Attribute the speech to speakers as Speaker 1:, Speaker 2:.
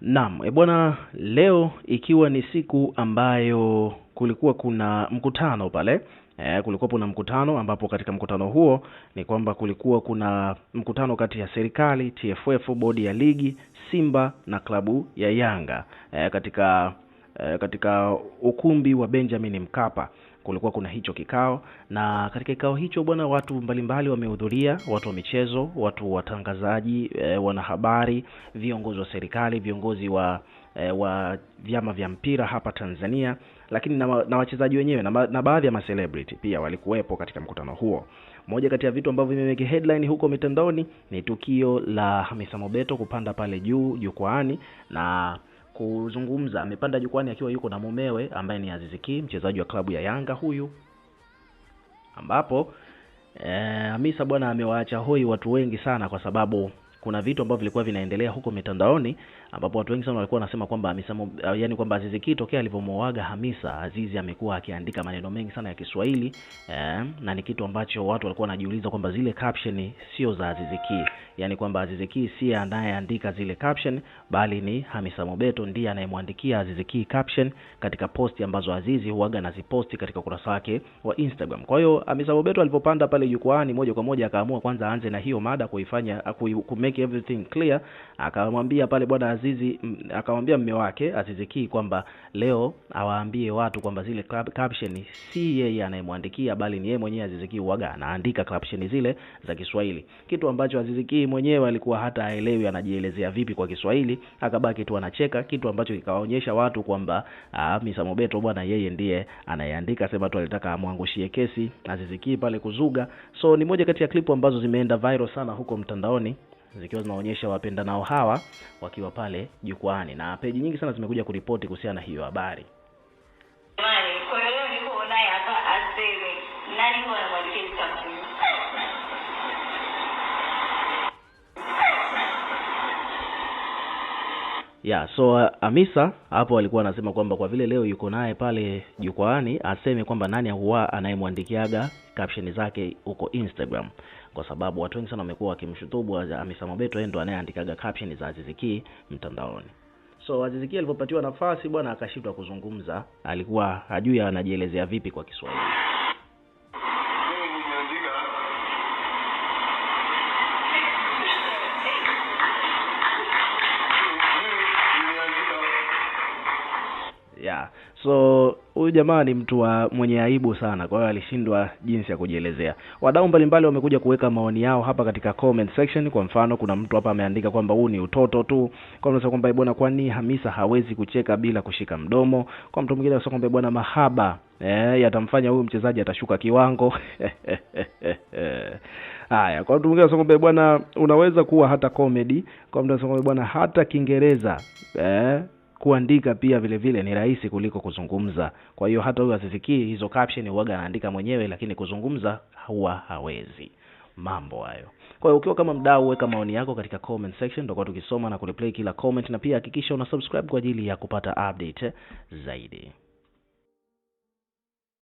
Speaker 1: Naam, e bwana, leo ikiwa ni siku ambayo kulikuwa kuna mkutano pale e, kulikuwa kuna mkutano ambapo katika mkutano huo ni kwamba kulikuwa kuna mkutano kati ya serikali, TFF, bodi ya ligi, Simba na klabu ya Yanga e, katika Eh, katika ukumbi wa Benjamin Mkapa kulikuwa kuna hicho kikao, na katika kikao hicho bwana, watu mbalimbali wamehudhuria, watu wa michezo, watu watangazaji, e, wanahabari, viongozi wa serikali, viongozi wa e, wa vyama vya mpira hapa Tanzania, lakini na, na wachezaji wenyewe na, na baadhi ya macelebrity pia walikuwepo katika mkutano huo. Moja kati ya vitu ambavyo vimeweka headline huko mitandaoni ni tukio la Hamisa Mobeto kupanda pale juu jukwaani na kuzungumza. Amepanda jukwani akiwa yuko na mumewe ambaye ni aziziki mchezaji wa klabu ya Yanga huyu, ambapo eh, Hamisa bwana amewaacha hoi watu wengi sana kwa sababu kuna vitu ambavyo vilikuwa vinaendelea huko mitandaoni, ambapo watu wengi sana walikuwa wanasema kwamba misamo uh, yani kwamba Azizi Ki tokea alivyomuaga Hamisa, Azizi amekuwa akiandika maneno mengi sana ya Kiswahili eh, na ni kitu ambacho watu walikuwa wanajiuliza kwamba zile caption sio za Azizi Ki, yani kwamba Azizi Ki si anayeandika zile caption, bali ni Hamisa Mobeto ndiye anayemwandikia Azizi Ki caption katika posti ambazo Azizi huaga na ziposti katika ukurasa wake wa Instagram. Kwa hiyo Hamisa Mobeto alipopanda pale jukwaani, moja kwa moja akaamua kwanza aanze na hiyo mada kuifanya ku make everything clear, akamwambia pale bwana Azizi, akamwambia mme wake Azizi Ki kwamba leo awaambie watu kwamba zile caption si yeye anayemwandikia, bali ni yeye mwenyewe Azizi Ki uwaga anaandika caption zile za Kiswahili, kitu ambacho Azizi Ki mwenyewe alikuwa hata haelewi anajielezea vipi kwa Kiswahili, akabaki tu anacheka, kitu ambacho kikawaonyesha watu kwamba Hamisa ah, Mobeto bwana yeye ndiye anayeandika, sema tu alitaka amwangushie kesi Azizi Ki pale kuzuga. So ni moja kati ya klipu ambazo zimeenda viral sana huko mtandaoni zikiwa zinaonyesha wapendanao hawa wakiwa pale jukwani na peji nyingi sana zimekuja kuripoti kuhusiana na hiyo habari. yeah, so uh, amisa hapo alikuwa anasema kwamba kwa vile leo yuko naye pale jukwaani aseme kwamba nani huwa anayemwandikiaga caption zake huko Instagram, kwa sababu watu wengi sana wamekuwa wakimshutubu amisa Mobeto, yeye ndo anayeandikaga caption za aziziki mtandaoni. So aziziki alipopatiwa nafasi bwana, akashindwa kuzungumza, alikuwa hajui anajielezea vipi kwa Kiswahili. So huyu jamaa ni mtu wa mwenye aibu sana, kwa hiyo alishindwa jinsi ya kujielezea. Wadau mbalimbali wamekuja kuweka maoni yao hapa katika comment section. Kwa mfano, kuna mtu hapa ameandika kwamba huu ni utoto tu, kwa mtu kwamba bwana, kwani Hamisa hawezi kucheka bila kushika mdomo. Kwa mtu mwingine anasema kwamba bwana, mahaba eh, yatamfanya huyu mchezaji atashuka kiwango haya. Kwa mtu mwingine anasema kwamba bwana, unaweza kuwa hata comedy. Kwa mtu anasema kwamba bwana, hata Kiingereza eh kuandika pia vile vile ni rahisi kuliko kuzungumza. Kwa hiyo hata huyo hazifikii hizo caption, huaga anaandika mwenyewe, lakini kuzungumza huwa hawezi. Mambo hayo. Kwa hiyo ukiwa kama mdau, weka maoni yako katika comment section, tutakuwa tukisoma na kureplay kila comment, na pia hakikisha una subscribe kwa ajili ya kupata update zaidi.